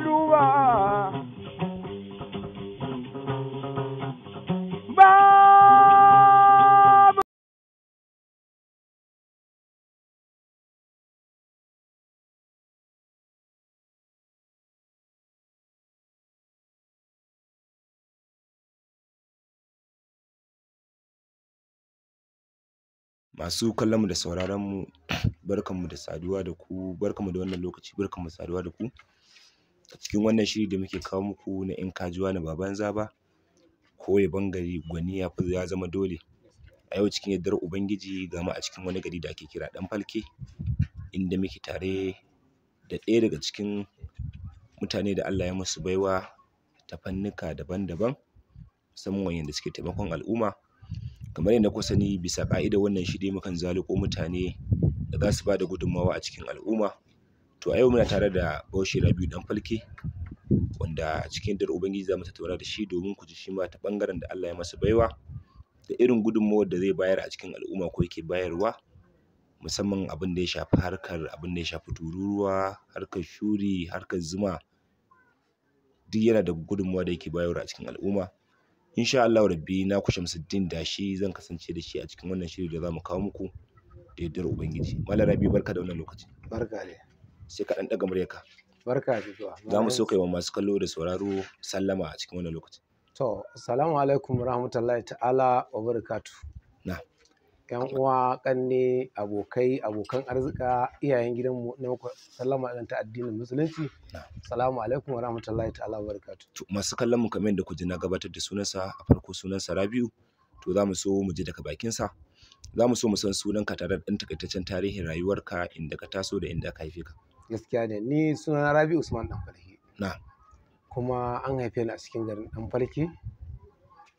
duba babu masu kallonmu da sauraronmu barkanmu da saduwa da ku barkanmu da wannan lokaci barkanmu da saduwa da ku a cikin wannan shiri da muke kawo muku na in kajuwa na ba banza ba kore gwani ya fi ya zama dole a yau cikin yardar ubangiji ga mu a cikin wani gari da ake kira ɗan falke inda muke tare da ɗaya daga cikin mutane da Allah ya musu baiwa ta fannuka daban-daban musamman wayanda suke taimakon al'umma kamar yadda kuka sani bisa ƙa'idar wannan shiri mukan zaliƙo mutane da za su ba da gudunmawa a cikin al'umma To a yau muna tare da Bauchi Rabiu dan falke wanda cikin dar Ubangiji za mu tattauna da shi domin ku ji shi ma ta ɓangaren da Allah ya masa baiwa da irin gudunmawar da zai bayar a cikin al'umma ko yake bayarwa musamman abin da ya shafi harkar abin da ya shafi tururuwa, harkar shuri, harkar zuma duk yana da gudunmawa da yake bayarwa a cikin al'umma. Insha Allahu Rabbi na ku da shi zan kasance da shi a cikin wannan shiri da za mu kawo muku da yardar Ubangiji. Malam Rabi barka da wannan lokaci. Barka dai. sai ka ɗan ɗaga muryarka. Barka da zuwa. Za mu so kai wa masu kallo da sauraro sallama a cikin wannan lokaci. To, assalamu alaikum rahmatullahi ta'ala wa barakatu. Na. ‘Yan uwa, ƙanne, abokai, abokan arzika, iyayen gidanmu na muku sallama ɗan ta addinin musulunci. Assalamu alaikum wa rahmatullahi ta'ala wa barakatu. Masu kallon mu kamar yadda ku ji na gabatar da sunansa a farko sunansa Rabiu. To za mu so mu ji daga bakinsa. Za mu so mu san sunanka tare da ɗan takaitaccen tarihin rayuwarka inda ka taso da inda ka haife ka. gaskiya ne ni suna rabi usman dan falki kuma an haife ni a cikin garin dan falki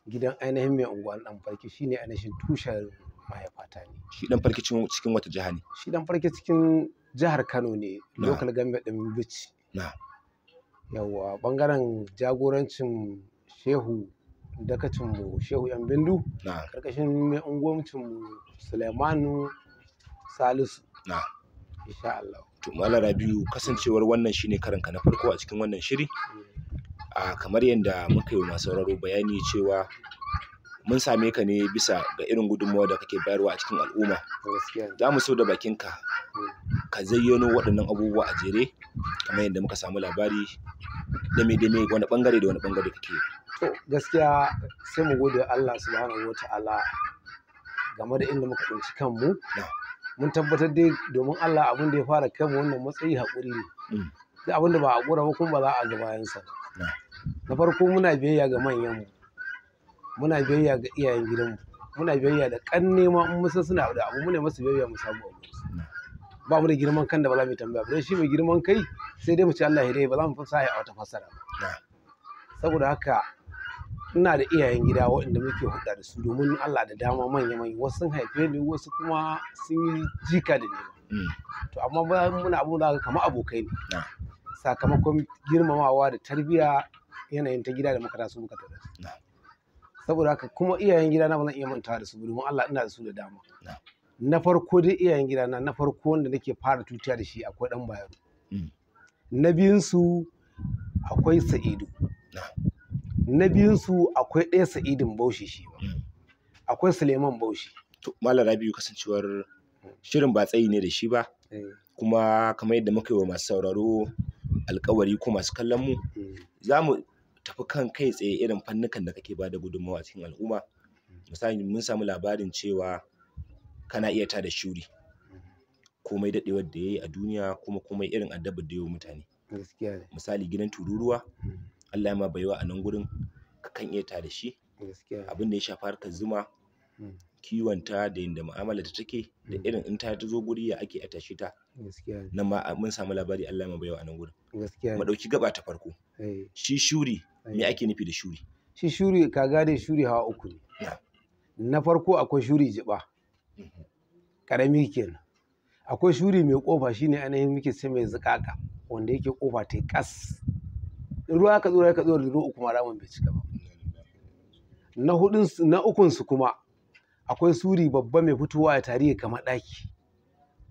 gidan ainihin mai unguwan dan falki shine ainihin tushen mahaifata ne shi dan falki cikin wata jiha ne shi dan falki cikin jihar kano ne local government ɗin bici yawwa bangaren jagorancin shehu dakacin mu shehu yan bindu karkashin mai unguwancin mu sulaimanu salisu insha Allah To Malam Rabiu kasancewar wannan shine karanka na farko a cikin wannan shiri. A kamar yadda muka yi masu sauraro bayani cewa mun same ka ne bisa ga irin gudunmawa da kake bayarwa a cikin al'umma. Za mu so da bakin hmm. ka zayyano waɗannan abubuwa a jere kamar yadda muka samu labari dame-dame wani ɓangare da wani ɓangare kake. To gaskiya sai mu gode Allah subhanahu wa ta'ala game da inda muka ɗauki kanmu. mun tabbatar dai domin Allah abin da ya fara kai mu wannan matsayi haƙuri ne mm. duk abin da ba a ƙura ba kuma ba za a ga bayansa na farko muna biyayya ga manyanmu muna biyayya ga iyayen gidanmu muna biyayya da ƙanne ma in musa suna da abu muna masu biyayya mu samu abu ba mu da girman kan da ba za mu tambaya ba don shi mai girman kai sai dai mu ce Allah ya dai ba za mu fasa a wata fasara ba saboda haka ina da iyayen gida waɗanda muke hulɗa da su domin Allah da dama manya manya wasu sun haife ni wasu kuma sun yi jika da ni mm. to amma bayan muna abun da kamar abokai ne ah. sakamakon girmamawa da tarbiyya yanayin ta gida da muka taso muka tafi saboda haka kuma iyayen gida na ba zan iya manta da su domin Allah ina da su da dama na farko dai iyayen gida na na farko wanda nake fara tutiya da shi akwai dan bayaro mm. na biyun su akwai sa'idu na biyunsu akwai ɗaya sa'idin baushi shi hmm. akwai suleiman baushi to rabiu kasancewar shirin ba tsayi ne da shi ba eh. kuma kamar yadda muka yi wa masu sauraro alkawari ko masu kallon mu hmm. za mu tafi kan kai tsaye irin fannukan da kake bada gudunmawa a cikin al'umma misali mun samu labarin cewa kana iya tada shuri komai daɗewar da ya yi a duniya kuma komai irin addabar da ya yi mutane misali gidan tururuwa hmm. Allah ya ma baiwa a nan gurin kan iya ta da shi abin da ya shafi harkar zuma hmm. kiwon ta da yadda mu'amala ta take da hmm. irin in ta zo guri ya ake a tashi ta nan ma mun samu labari Allah ya baiwa a nan gurin mu dauki gaba ta farko eh. shi shuri me eh. ake nufi da shuri shi shuri ka gane shuri hawa uku ne na farko akwai shuri jiba karami mhm. kenan akwai shuri mai kofa shine ainihin muke sai mai zikaka wanda yake kofa ta kas ruwa ka tsora ka tsora da ruwa kuma ramin bai cika ba na hudun na ukun su kuma akwai suri babba mai fitowa a tarihi kamar daki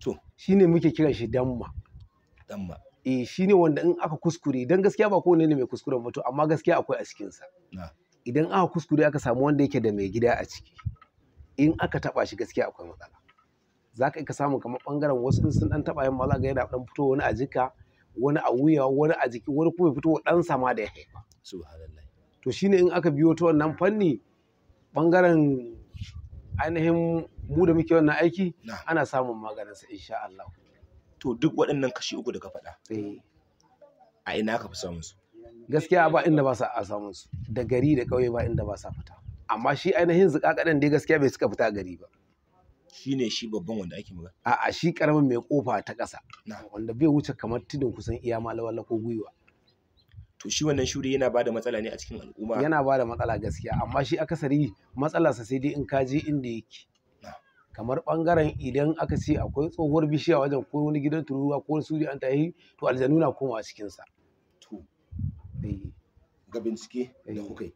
to shine muke kiran shi damma damma eh shine wanda in aka kuskure dan gaskiya ba kowane ne mai kuskuren ba to amma gaskiya akwai a cikin sa idan aka kuskure aka samu wanda yake da mai gida a ciki in aka taba shi gaskiya akwai matsala zaka ka samu kamar bangaren wasu sun dan taba yin maza ga yana dan fito wani a jika wani a wuya wani a jiki wani kuma ya fito dan sama da ya haifa subhanallah to shine in aka biyo ta wannan fanni bangaren ainihin mu da muke wannan aiki ana samun maganin sa insha Allah to duk waɗannan kashi uku da ka faɗa eh. a ina ka fi samun su gaskiya ba inda ba sa a samun su da gari da ƙauye ba inda ba sa fita amma shi ainihin zikakaɗen dai gaskiya bai suka fita gari ba shine shi babban wanda ake magana a'a shi karamin mai kofa ta ƙasa wanda bai wuce kamar tudun kusan iya malawala ko gwiwa to shi wannan shuri yana bada matsala ne a cikin al'umma yana bada matsala gaskiya amma shi akasari matsalarsa sai dai in ka je inda yake kamar bangaren idan aka ce akwai tsohuwar bishiya wajen ko wani gidan turuwa ko wani suri an tahi to aljanu na komawa cikin sa to eh. ga bincike da eh. kuka yi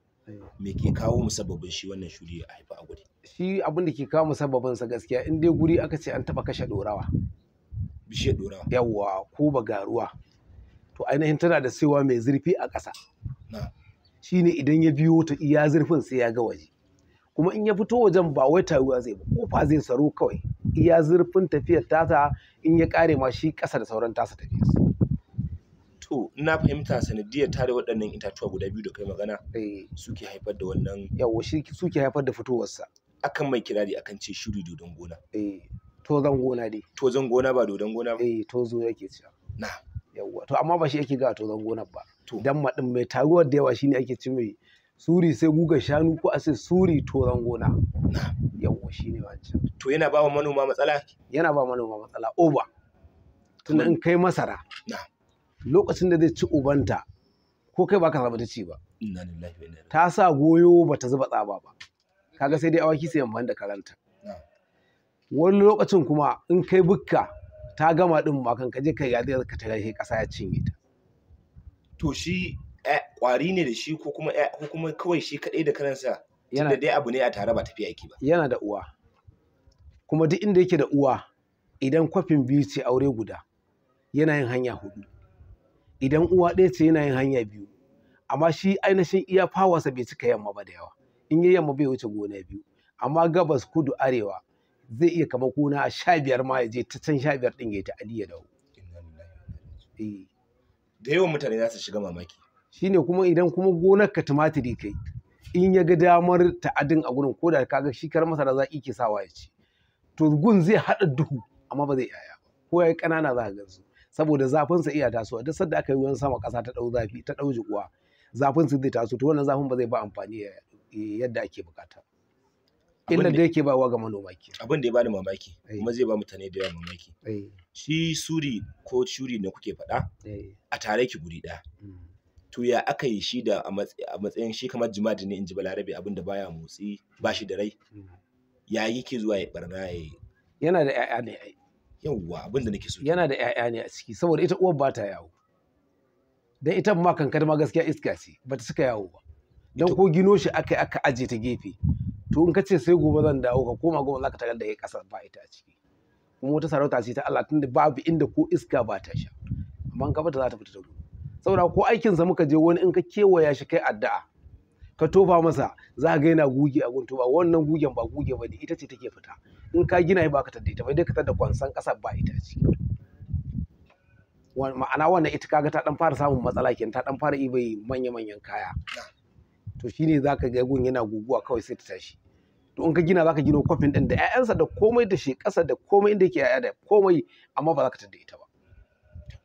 me ke kawo musabbabin shi wannan shuri a haifa a guri shi abin da ke kawo musabbabin sa gaskiya in dai guri aka ce an taba kashe dorawa bishiyar dorawa yawwa ko bagaruwa to ainihin tana da saiwa mai zurfi a ƙasa shine idan ya biyo ta iya zurfin sai ya ga waje kuma in ya fito wajen ba wai taruwa zai ba kofa zai saro kawai iya zurfin tafiyar tasa in ya kare ma shi ƙasa da sauran tasa tafiyar to na fahimta sanadiyar tare waɗannan itatuwa guda biyu da kai magana eh. suke haifar da wannan yawo shi suke haifar da fitowarsa akan mai kirari akan ce shiri dodon gona eh, tozon gona dai tozon gona ba dodon gona ba eh tozo yake cewa na yawwa to amma ba shi ake ga tozon gona ba dan madin mai taruwar da yawa shine ake ce mai suri sai guga shanu ko a ce suri tozon gona na yawwa shine wancan to yana ba wa manoma matsala yana ba manoma matsala over tunda in kai masara na lokacin da zai ci ubanta ko kai baka zaba ta ci ba ta sa goyo bata zuba tsaba ba kaga sai dai awaki sai ban da karanta wani lokacin kuma in kai bukka ta gama din makan ka je kai ya zai ka tare kasa ya cinye ta to shi kwari ne da shi ko kuma ko kuma kawai shi kadai da karansa tunda dai abu ne a tare ba tafiya yake ba yana da uwa kuma duk inda yake da uwa idan kwafin biyu ce aure guda yana yin hanya hudu idan uwa ɗaya ce yana yin hanya biyu amma shi ainihin iya fawarsa bai cika yamma ba da yawa in yi yamma bai wuce gona biyu amma gabas kudu arewa zai iya kama kuna a sha biyar ma ya je ta can sha biyar ɗin ya ta aliya dawo eh. da yawan mutane za su shiga mamaki shine kuma idan kuma gonar ka tumatiri kai in ya ga damar ta'adin a gurin koda kaga shi kar masara za ke sawa ya ce to gun zai haɗa duhu amma ba zai yaya ko ya yi ƙanana za a gansu saboda zafin sa iya tasowa duk sanda aka yi ruwan sama ƙasa ta ɗau zafi ta ɗau jikuwa zafin su zai taso to wannan zafin ba zai ba amfani eh, yadda ake bukata illar da yake bawa ga manoma ke abin da ya bani mamaki eh. kuma zai ba mutane da yawa mamaki eh. shi suri ko shuri da kuke faɗa a tare ki guri ɗaya hmm. to ya aka yi shi da a matsayin shi kamar jimadi ne in ji balarabe abin da baya motsi ba shi da rai hmm. ya yi ke zuwa ya barna ya yana da 'ya'ya ne yawwa abin da nake so yana da ƴaƴa ne a ciki saboda ita uwar ba ta yawo dan ita ma kankar ma gaskiya iska ce ba ta cika yawo ba dan ko gino shi aka aka aje ta gefe to in ka sai gobe zan dawo ka koma gobe zaka tagar da kai kasar ba ita a ciki kuma wata sarauta ce ta Allah tunda babu inda ko iska ba ta sha amma ka fita za ta fita da saboda ko aikin sa muka je wani in ka kewaya shi kai addu'a ka tofa masa za ga yana guge a gun ba wannan gugen ba guge bane ita ce take fita in ka gina ba ka tadda ita ba dai ka tadda kwansan kasa ba ita ce ma'ana wannan ita kaga ta dan fara samun matsala kin ta dan fara ibai manya-manyan kaya to shine zaka ga gun yana guguwa kawai sai ta tashi to in ka gina zaka gina kofin din da ƴaƴansa da komai da shi ƙasa da komai inda yake ƴaƴa da komai amma ba za ka tadda ita ba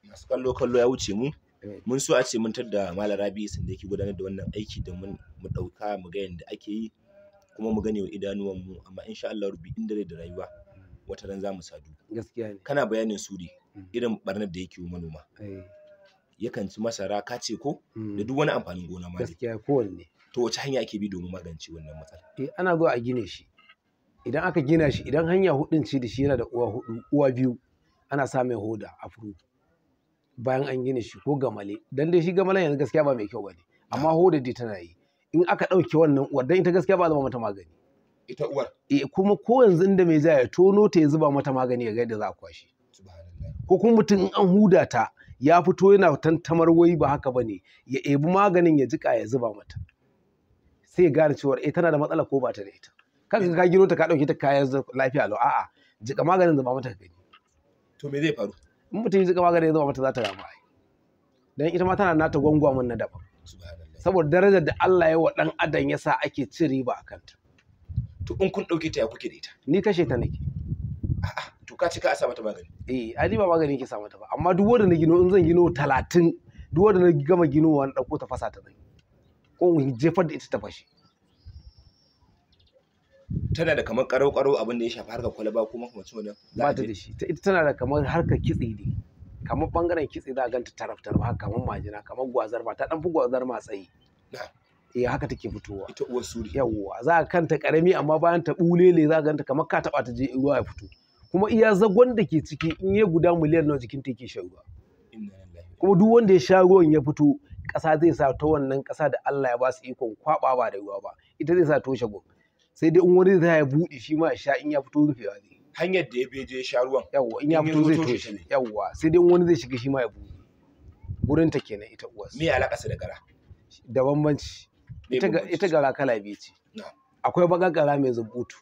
masu kallo kallo ya wuce mu eh. mun so a ce mun tadda malam rabi sun da yake gudanar da wannan aiki da mun mu dauka mu ga yadda ake yi kuma mu gane wa idanuwan mu amma insha Allah rubi inda dare da rayuwa wata ran zamu sadu gaskiya ne kana bayanin suri mm. irin barnar da yake wa manoma eh. yakan ci masara kace ko mm. da duk wani amfanin gona ma gaskiya kowanne to wace hanya ake bi domin magance wannan matsala eh ana zuwa a gine shi idan aka gina shi idan hanya hudun ce da shi yana da uwa hudu uwa biyu ana sa mai hoda a furu bayan an gina shi ko gamale dan dai shi gamalen yanzu gaskiya ba mai kyau bane amma ah. hoda dai tana yi in aka ɗauke wannan uwar don ita gaskiya ba zama mata magani ita uwar e kuma ko yanzu inda mai zai ya tono ta ya zuba mata magani ya ga yadda za a kwashe ko kuma mutum in an huda ta ya fito yana tantamar wai ba haka ba ne ya ebi maganin ya jika ya zuba mata sai gane cewa eh tana da matsala ko ba ta da ita kaga ka gino ta ka ɗauke ta kayan lafiya lau a'a jika maganin zuba mata gani to me zai faru in mutum ya jika maganin ya zuba mata za ta rama ai dan ita ma tana nata gwangwamin na daban subhanallah saboda darajar da Allah ya wa ɗan adam ya sa ake cin riba a kanta. To in kun ɗauke ta ya kuke da ita? Ni kashe ta nake. A'a to ka ka a sa mata magani. Eh a ni ba magani ke sa mata ba amma duk wanda na gino in zan gino talatin duk wanda na gama ginowa na ɗauko ta fasa ta zai. Ko in jefar da ita ta fashe. Tana da kamar karo-karo abin da ya shafi harkar kwalaba ko makamacin wani. Ba ta da shi ita tana da kamar harkar kitse ne. kamar bangaren kitse za a ganta taraf taraf haka kamar majina kamar gwazar ba ta dan fi gwazar ma tsayi eh haka take fitowa ita uwar suri yawwa za a kanta karami amma bayan ta bulele za a ganta kamar ka taba ta je ruwa ya fito kuma iya zagon da ke ciki in ya guda miliyan nawa jikin take shan ruwa kuma duk wanda ya sha ruwan ya fito ƙasa zai sa ta wannan ƙasa da Allah ya ba su ikon kwaɓa ba da ruwa ba ita zai sa toshe gun sai dai in wani zai ya buɗe shi ma ya sha in ya fito rufewa ne hanyar da ya je sha ruwan Yawwa, in ya fito zai toshe Yawwa, sai dai wani zai shiga shi ma ya buɗe gurin ta kenan ita uwas me alaka su da gara da bambanci ita gara kala biyu ce akwai bagar gara mai zubutu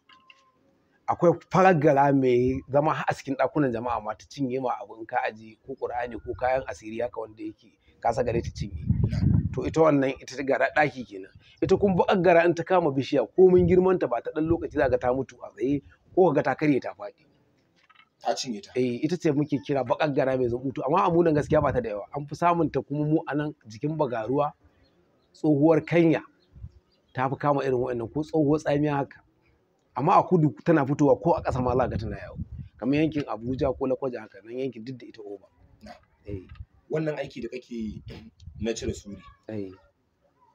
akwai farar gara mai zama a cikin ɗakunan jama'a ma ta cinye ma abin ka aji ko ƙur'ani ko kayan asiri haka wanda yake kasa gare ta cinye to ita wannan ita ta gara ɗaki kenan ita kuma bakar gara in ta kama bishiya komin girman ta ba ta ɗan lokaci za ka ta mutu a tsaye ko ga ta karye ta faɗi ta cinye ta eh ita ce muke kira bakar gara mai zubutu. amma amunan gaskiya ba ta da yawa an fi samun ta kuma mu anan jikin bagaruwa tsohuwar kanya ta fi kama irin wa'annan ko tsohuwar tsamiya haka amma a kudu tana fitowa ko a ƙasa ma za ga tana yawo kamar yankin Abuja ko Lakwaja haka nan yankin duk da ita oba eh wannan aiki da kake yi na cire suri eh.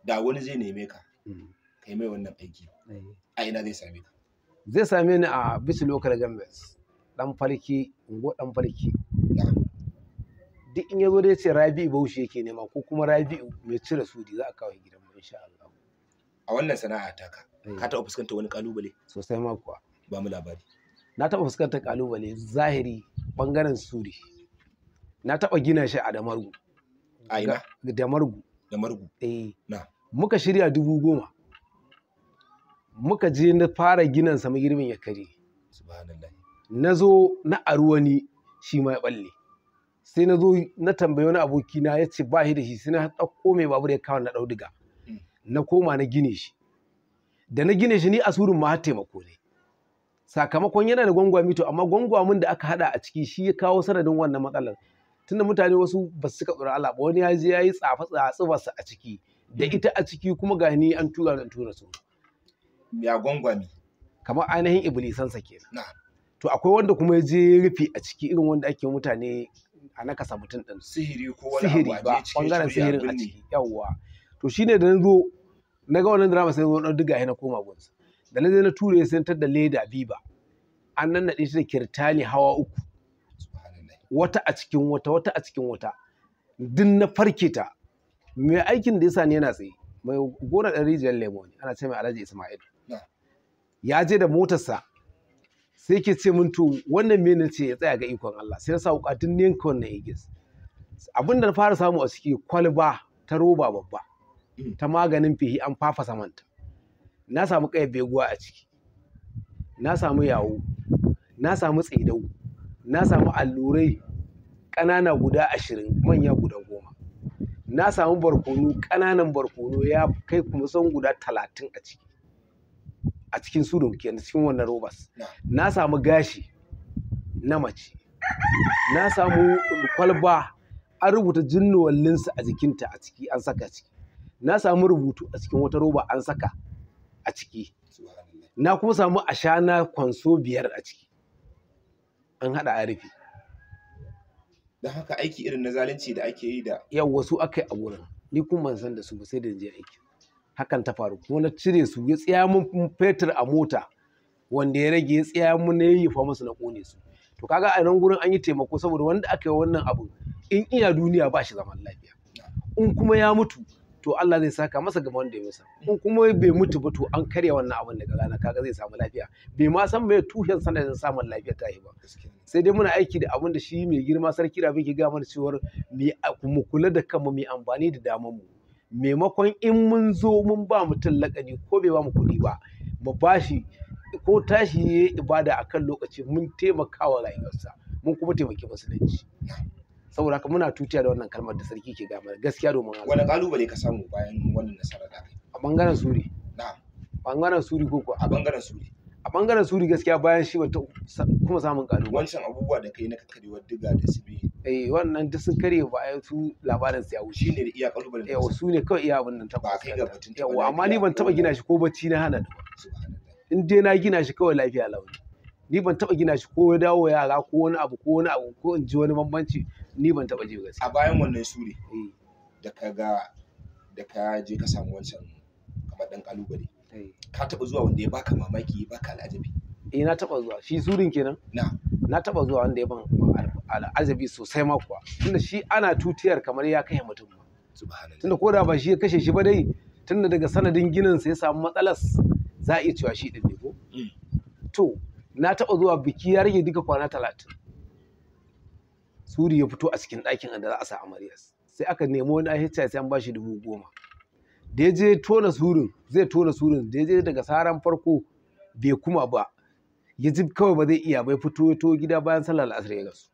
da wani zai neme ka mm. kai mai wannan aiki eh. a ina zai same ka zai same ni a bisu local government dan farki ungo dan farki duk in yazo dai sai rabi Bauchi yake nema ko kuma rabi mai cire sudi za a kawo gidan mu insha Allah a wannan sana'a ta ka eh. ka taɓa fuskantar wani kalubale sosai ma kuwa ba mu labari na taɓa fuskantar kalubale zahiri bangaren sudi na taɓa gina shi a Damargu a ina Damargu margu eh na muka shirya dubu goma muka je na fara ginin sama girmin ya kare na zo na arwani shi ma ya balle sai na na tambayi wani abokina ya ce ba shi da shi sai na ɗauko mai babur ya kawo na ɗau diga mm. na koma na gine shi da na gine shi ni asurin ma har taimako ne sakamakon yana da gwangwami to amma gwangwamin da aka hada a ciki shi ya kawo sanadin wannan matsalar tunda mutane wasu ba su tsura Allah ba wani ya je ya yi tsafa tsafa a ciki da mm. ita a ciki kuma ga ni an tura an tura su ya gwangwami kamar ainihin iblisansa Na. to akwai wanda kuma ya je rufi a ciki irin wanda ake mutane a nakasa mutum ɗin sihiri ko wani sihiri ba bangaren sihirin a ciki yawwa to shine da na zo na ga wannan drama sai zo na diga na koma gonsa da na je na ture sai tar da leda biba an nan naɗe shi da kirtani hawa uku wata a cikin wata wata a cikin wata din na farke ta mai aikin da ya sani yana tsaye mai gona ɗan rijiyar lemo ne ana ce mai alhaji ismail ya je da motarsa sai ke ce wannan me ce ya tsaya ga ikon Allah sai na sa bukatun ninka wannan igis abinda na fara samu a ciki kwalba ta roba babba ta maganin fihi an fafa samanta. na samu kai beguwa a ciki na samu yawo na samu tsaidau na samu allurai ƙanana guda ashirin manya guda goma na samu barkono ƙananan barkono ya kai kusan guda talatin a ciki a cikin sudu kenan cikin wannan robas na samu gashi na mace na samu kwalba an rubuta su a jikinta a ciki an saka a ciki na samu rubutu a cikin wata roba an saka a ciki na kuma samu ashana kwanso biyar a ciki an hada a rufe don haka aiki irin na zalunci da ake yi da yau wasu aka yi a wurin ni kuma ban san da su ba sai da je aiki hakan ta faru kuma na cire su ya tsaya mun fetur a mota wanda ya rage ya tsaya mun na yayyafa musu na kone su to kaga a nan gurin an yi taimako saboda wanda aka yi wannan abu in iya duniya ba shi zaman lafiya in kuma ya mutu to Allah zai saka masa ga wanda ya masa in kuma bai mutu ba to an karya wannan abin daga rana kaga zai samu lafiya bai ma san mai tushen sanadin samun lafiya ta yi ba sai dai muna aiki da abin da shi mai girma sarki da ke ga mana cewa mu kula da kanmu mu amfani da damanmu mu maimakon in mun zo mun ba mutum laƙani ko bai ba mu kuɗi ba mu ba shi ko tashi ya yi ibada a kan lokaci mun taimaka wa rayuwarsa mun kuma taimaki musulunci saboda haka muna tutiya da wannan kalmar da sarki ke gama gaskiya domin Allah wani kalubale ka samu bayan wannan nasara da a bangaren suri na bangaren suri ko ko a bangaren suri a bangaren suri gaskiya bayan shi ban kuma samun ƙalubale. wancan abubuwa da kai na kakarewar diga da sibi eh wannan duk sun kare ba a su labarin su ya wuce ne da iya kalubalen yawa su ne kawai iya abin nan tabbas ba kai ga batun yawa amma ni ban taɓa gina shi ko bacci na hana da in dai na gina shi kawai lafiya lau ni ban taɓa gina shi ko ya dawo yara ko wani abu ko wani abu ko in ji wani bambanci ni ban taɓa ji gaskiya a bayan wannan suri eh. da ka ga da ka je ka samu wancan kamar ɗan ƙalubale. ka taɓa zuwa wanda ya baka mamaki ya baka al'ajabi eh na taɓa zuwa shi surin kenan na na taɓa zuwa wanda ya ban al'ajabi sosai ma kuwa tunda shi ana tutiyar kamar ya kashe mutum ma tunda ko da ba shi ya kashe shi ba dai tunda daga sanadin ginin sa ya samu matsalas za a iya cewa shi din ne ko mm. to na taɓa zuwa biki ya rage duka kwana talatin suri ya fito a cikin ɗakin da za a sa amarya sai aka nemo wani ahicca sai an ba shi dubu goma da ya je tona surin zai tona surin da ya je daga saran farko bai kuma ba ya ji kawai ba zai iya bai fito ya to gida bayan sallar al'asar ya gasu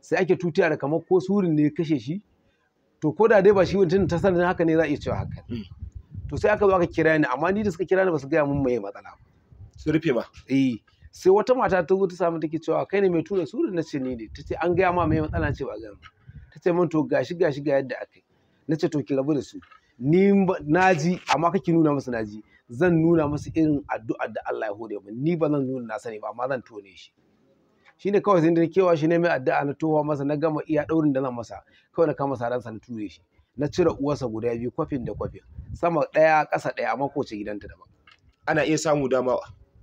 sai ake tutiya da kamar ko surin ne ya kashe shi to ko da dai ba shi wancan ta sanin haka ne za a iya cewa haka hmm. to sai aka zo aka kira ni amma ni da suka kira ni ba su gaya mun mai matsala ba su rufe ba. eh sai wata mata ta zo ta samu take cewa kai ne mai tura surin na ce ni ne ta ce an gaya ma mai matsala ce ba gaya ta ce mun to gashi gashi ga yadda aka yi na ce to ki rabu da su ni naji amma kake nuna musu naji zan nuna musu irin addu'ar da Allah ya hore min ni ba zan nuna na sani ba amma zan tone shi shine kawai sai da kewa shi ne mai addu'a na towa masa na gama iya daurin da zan masa kawai na kama sa na ture shi na cire uwarsa guda biyu kwafin da kwafin sama daya kasa daya amma ko ce gidanta daban ana iya samu dama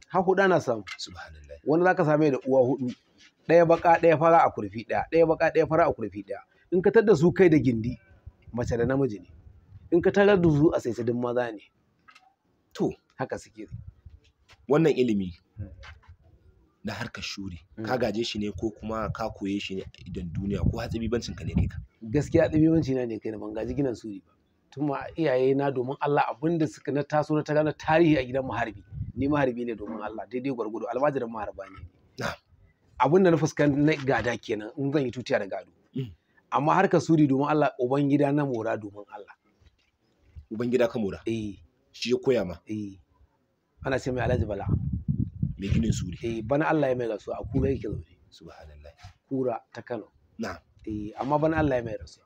ha huda na samu subhanallah wani zaka same da uwa hudu ɗaya baka ɗaya fara a kurfi daya ɗaya baka ɗaya fara a kurfi daya in ka tadda su kai da gindi mace da namiji ne in ka tarar duzu a saisadin maza ne to haka suke wannan ilimi hmm. na harkar shuri hmm. ka gaje shi ne ko kuma ka koye shi ne idan duniya ko hatsibibancin ka ne kai ka gaskiya hatsibibanci na ne kai na ban gaji gidan suri ba tun ma iyaye na domin Allah abin da suka na taso na tagana tarihi a gidan maharbi ni maharbi ne domin Allah daidai gwargwado almajirin maharba ne abin da na fuskanta na gada kenan in zan yi tutiya da gado hmm. amma harkar suri domin Allah uban gida na mora domin Allah ubangida ka mora eh shi ya koya ma eh ana ce mai alhaji bala mai ginin suri eh bana Allah ya mai rasu a kura yake zaune subhanallah kura ta Kano Na. eh amma bana Allah ya mai rasu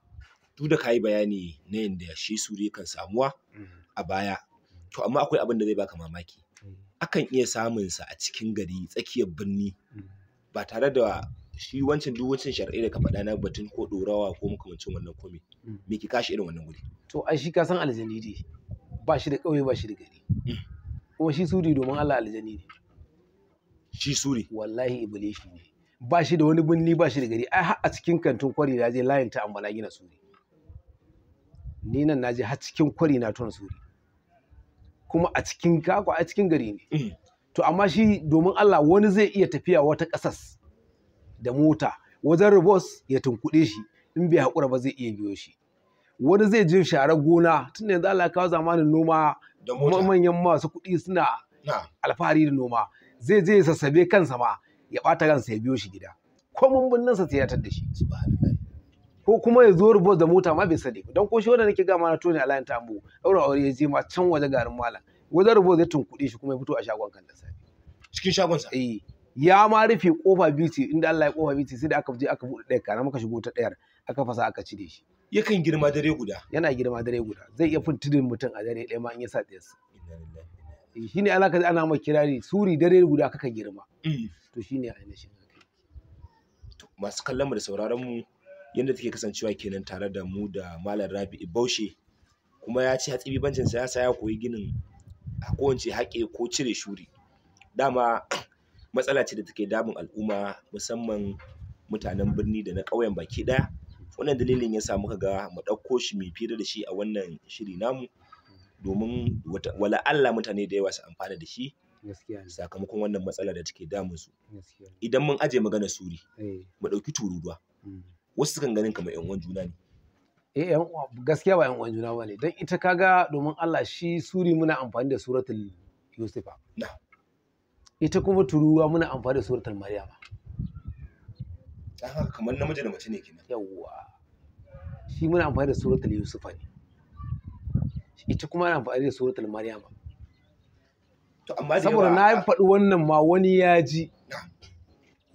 duk da kai bayani na yanda shi suri kan samuwa mm. a baya to amma akwai abin da zai baka mamaki mm. akan iya samun sa a cikin gari tsakiyar birni mm. ba tare da shi wancan duk wancan shar'i da ka faɗa na batun ko ɗorawa ko makamancin wannan komai me mm. ki kashi irin wannan guri to ai shi ka san aljani dai ba shi da ƙauye ba shi da gari mm. kuma shi suri domin Allah aljani ne shi suri wallahi ibilishi ne ba shi da wani binni ba shi da gari ai har a cikin kantin kwari na je layin ta amma na gina suri ni nan na je har cikin kwari na tona suri kuma a cikin kako a cikin gari ne mm. to amma shi domin Allah wani zai iya tafiya wata ƙasas da mota wajen ribos ya tunkuɗe shi in bai haƙura ba zai iya biyo shi wani zai je sharar gona tun yanzu Allah kawo zamanin noma da manyan masu kuɗi suna alfahari da noma zai je sassabe kansa ma ya ɓata kansa ya biyo shi gida ko mun sa sai ya tadda shi ko kuma ya zo rubos da mota ma bai sani don ko shi wanda nake gama na tone alayin tambo ɗaura aure ya je ma can waje garin malam wajen rubos ya tunkuɗe shi kuma ya fito a shagon kan da sai cikin shagon sa eh ya ma rufe kofa biyu ce inda Allah ya kofa biyu ce sai da aka je aka buɗe ɗaya kana muka shigo ta ɗayar aka fasa aka cire shi yakan girma dare guda yana girma dare guda zai iya fin tudun mutum a dare ɗaya ma in ya sa ɗayarsa shi ne alaka da ana ma kirari suri dare guda kaka girma mm. to shi ne ainihin masu kallon mu da sauraron mu yadda take kasancewa kenan tare da mu da malam rabi'u baushe kuma ya ce hatsi bibancin sa ya sa ya koyi ginin a kowance haƙe ko cire shuri dama matsala ce da take damun al'umma musamman mutanen birni da na ƙauyen baki ɗaya wannan dalilin ya sa muka ga mu ɗauko shi mai fira da shi a wannan shiri namu domin wala Allah mutane da yawa su amfana da shi sakamakon wannan matsala da take damun su idan mun aje magana suri eh. mu ɗauki tururuwa hmm. wasu sukan ganin kamar yan uwan juna ne eh yan gaskiya ba yan uwan juna bane don ita kaga domin Allah shi suri muna amfani da suratul yusufa na'am ita kuma turuwa muna amfani da suratul maryam dan haka kamar namiji da mace ne kenan yawwa shi muna amfani da suratul yusufa ne ita kuma ana amfani da suratul maryam saboda na yi faɗi wannan ma wani ya ji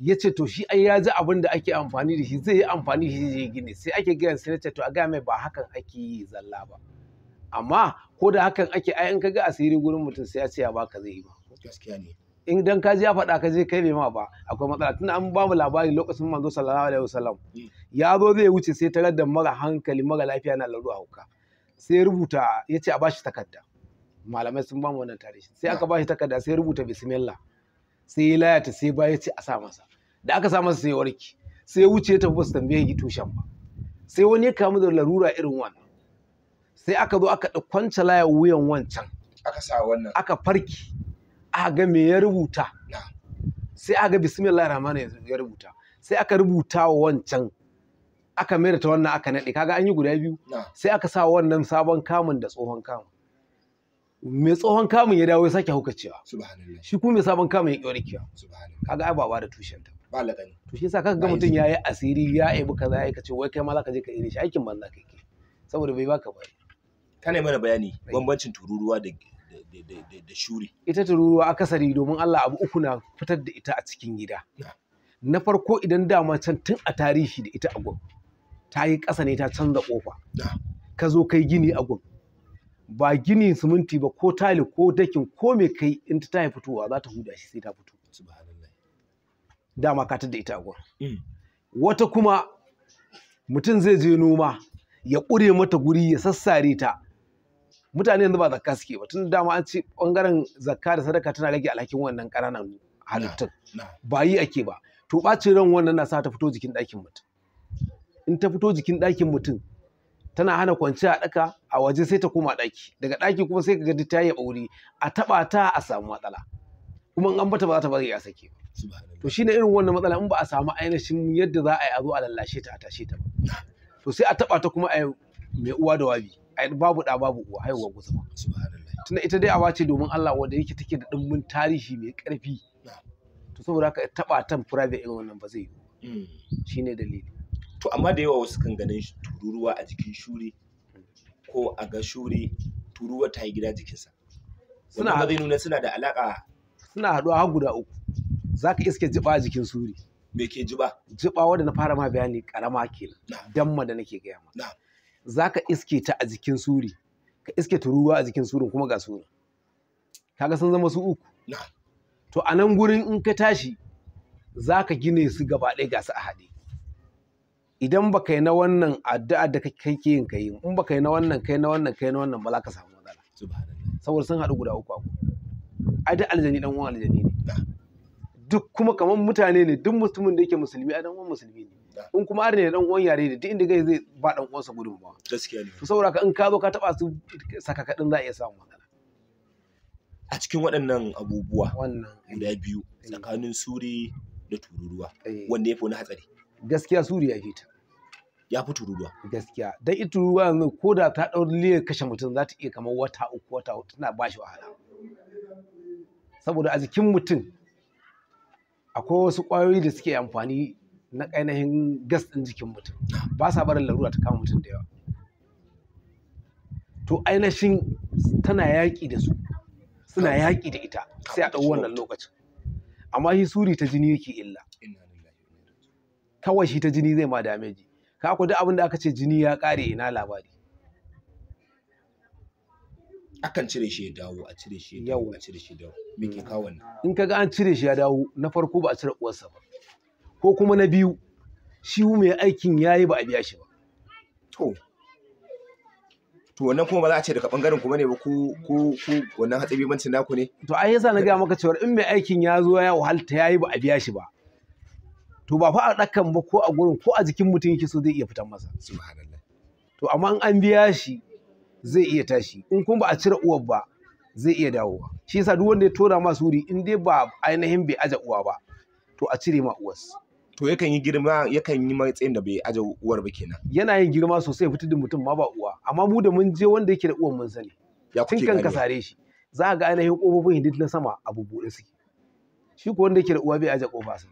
ya ce to shi ai ya ji abin da ake amfani da shi zai yi amfani da shi zai gini sai ake gina sai ce to a ga mai ba hakan ake yi zalla ba amma ko da hakan ake ai in ka ga asiri gurin mutum sai ya ce ya baka zai yi ba gaskiya ne in dan ka ji ya faɗa ka je kai bai ma ba akwai matsala tunda an ba mu labari lokacin manzo sallallahu alaihi wasallam hmm. ya zo zai wuce sai tarar da mara hankali mara lafiya na lalu hauka sai rubuta ya ce a bashi takarda malamai sun ba mu wannan tarihi sai aka bashi takarda sai rubuta bismillah sai ya layata sai ba ya ce a sa masa da aka sa masa sai warki sai wuce ta ba su tambaye gi tushen ba sai wani ya kamu da larura irin wannan sai aka zo aka kwanta laya wuyan wancan aka sa wannan aka farki aga me ya rubuta sai aga bismillah rahman ya rubuta sai aka rubuta wa wancan aka mai ta wannan aka naɗe kaga an yi guda biyu sai aka sa wannan sabon kamun da tsohon kamun mai tsohon kamun ya dawo ya sake haukacewa shi kuma mai sabon kamun ya ƙi warkewa kaga ai baba da tushen ta ba lagani to shi yasa kaga ga mutum yayi asiri ya buka kaza ya kace wai kai ma ka je ka irin shi aikin banza kai ke saboda bai baka ba kana mana bayani bambancin tururuwa da da shuri ita tururuwa akasari domin Allah abu uku na fitar da ita a cikin gida na farko idan dama can tun a tarihi da ita a gwam ta yi ƙasa ne ta canza ƙofa ka zo kai gini a gwam ba gini siminti ba ko tali ko dakin ko mai kai in ta tayi fitowa za ta huda shi sai ta fito dama ka da ita a gwam mm. wata kuma mutum zai je noma ya ƙure mata guri ya sassare ta mutane yanzu ba zakka suke ba tun dama an ce bangaren zakka da sadaka tana rage alhakin wannan ƙananan halittun ba yi ake ba to ɓacin ran wannan na sa ta fito jikin ɗakin mutum in ta fito jikin ɗakin mutum tana hana kwanciya a ɗaka a waje sai ta koma ɗaki daga ɗaki kuma sai ka ga ta yi ɓauri a taɓa ta a samu matsala kuma in an bata ba za ta bari a sake ba to ne irin wannan matsala in ba a samu ainihin yadda za a yi a zo a lallashe ta a tashe ta ba to sai a taɓa ta kuma a yi mai uwa da wabi babu da babu uwa haihuwar guzuma tunda ita dai awa ce domin Allah wanda yake take da dimbin tarihi mai karfi to saboda haka taba tan private irin wannan ba zai yi hmm. shine dalili to amma da yawa wasu kan ganin tururuwa a jikin shuri ko a ga shuri tururuwa ta yi gida jikinsa suna zai nuna suna da alaka suna haɗuwa har guda uku zaka iske jiba a jikin suri me ke jiba jiba wanda na fara ma bayani karama kenan damma da nake gaya ma za ka iske ta a jikin suri ka iske ruwa a jikin surin kuma ga surin kaga sun zama su uku to a nan gurin in ka tashi za ka gine su gaba ɗaya ga su a haɗe idan ba kai na wannan addu'a da kai ke yin kai in ba kai na wannan kai na wannan kai na wannan ba za ka samu matsala saboda sun haɗu guda uku ai da aljani dan uwan aljani ne duk kuma kamar mutane ne duk mutumin da yake musulmi ai dan uwan musulmi ne in kuma arne da dan uwan yare da duk inda gai zai ba dan uwansa gudunmawa gaskiya ne to saboda ka in ka zo ka taba su sakakadin za a iya samun magana. a cikin waɗannan abubuwa wannan guda biyu tsakanin suri da tururuwa eh. wanda ya fi wani hatsari gaskiya suri ya fita. ya fi tururuwa gaskiya dan ita tururuwa yanzu ko da ta ɗau liyar kashe mutum za ta iya kamar wata uku wata uku tana ba shi wahala saboda a jikin mutum akwai wasu ƙwayoyi da suke amfani na ainihin gas ɗin jikin mutum ba sa barin larura ta kama mutum da yawa to ainihin tana yaƙi da su suna yaƙi da ita sai a ɗau wannan lokacin amma shi suri ta jini yake illa kawai shi ta jini zai ma dameji ka ku duk abin da aka ce jini ya ƙare ina labari akan cire shi ya dawo a cire shi ya dawo a cire shi ya dawo me ke kawo in ga an cire shi ya dawo na farko ba a cire uwarsa ba ko kuma na biyu shi mai aikin ya yi ba a biya shi ba to to wannan kuma ba za a ce daga bangaren kuma ne ba ku ku ku wannan hatsabibancin naku ne to ai yasa na gaya maka cewar in mai aikin ya zo ya wahalta ya yi ba a biya shi ba to ba fa a ɗakan ba ko a gurin ko a jikin mutum yake so zai iya fitan masa subhanallah to amma in an biya shi zai iya tashi in kuma ba a cire uwar ba zai iya dawowa shi yasa duk wanda ya tona masu wuri in dai ba ainihin bai aja uwa ba to a cire ma uwarsa to yakan yi girma yakan yi matsayin da bai aje uwar ba kenan yana yin girma sosai fitu da mutum ma ba uwa amma mu da mun je wanda yake da uwan mun sani ya kuke kan kasare shi za ga ainihin kofofin hindit na sama a bubbuɗe suke shi ko wanda yake da uwa bai aje kofa su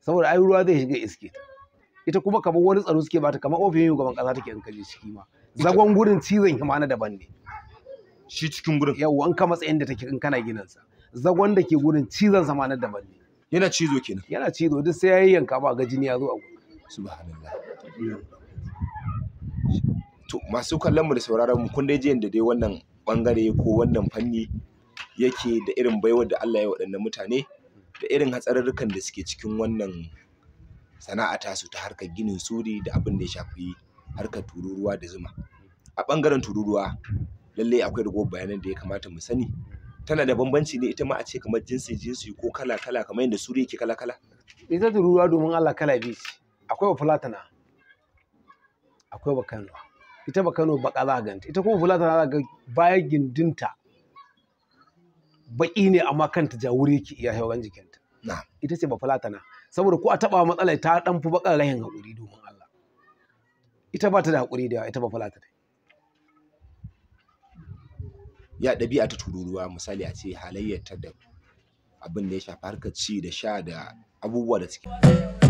saboda ai ruwa zai shiga iske ita kuma kamar wani tsaro suke bata kamar ofin yin gaban kasa take in kaje ciki ma zagon gurin cizon himana daban ne shi cikin gurin yawa an ka matsayin da take in kana ginansa. zagon da ke gurin cizon sa ma na daban ne yana cizo kenan yana cizo duk sai ya yanka ba ga jini ya zo a gurin subhanallah to masu kallon mu da sauraron mu kun dai ji da dai wannan bangare ko wannan fanni yake da irin baiwar da Allah ya waɗannan mutane da irin hatsarurrukan da suke cikin wannan sana'a ta su ta harkar ginin suri da abin da ya shafi harkar tururuwa da zuma a bangaren tururuwa lallai akwai ragowar bayanan da ya kamata mu sani tana da bambanci ne ita ma a ce kamar jinsi jinsi ko kala kala kamar yadda suriya ke kala kala ita ruwa domin Allah kala biyu ce akwai wa fulatana akwai wa kano ita ba kano baka za ganta ita kuma fulatana za ga baya gindinta baki ne amma kanta wuri yake iya haihuwan jikinta ita ce ba fulatana saboda ko a taba matsala ta dan fi bakar rahin haƙuri domin Allah ita ba ta da haƙuri da yawa ita ba fulatana ya ɗabi'a ta tururuwa misali a ce ta da abin da ya shafi harkar ci da sha da abubuwa da suke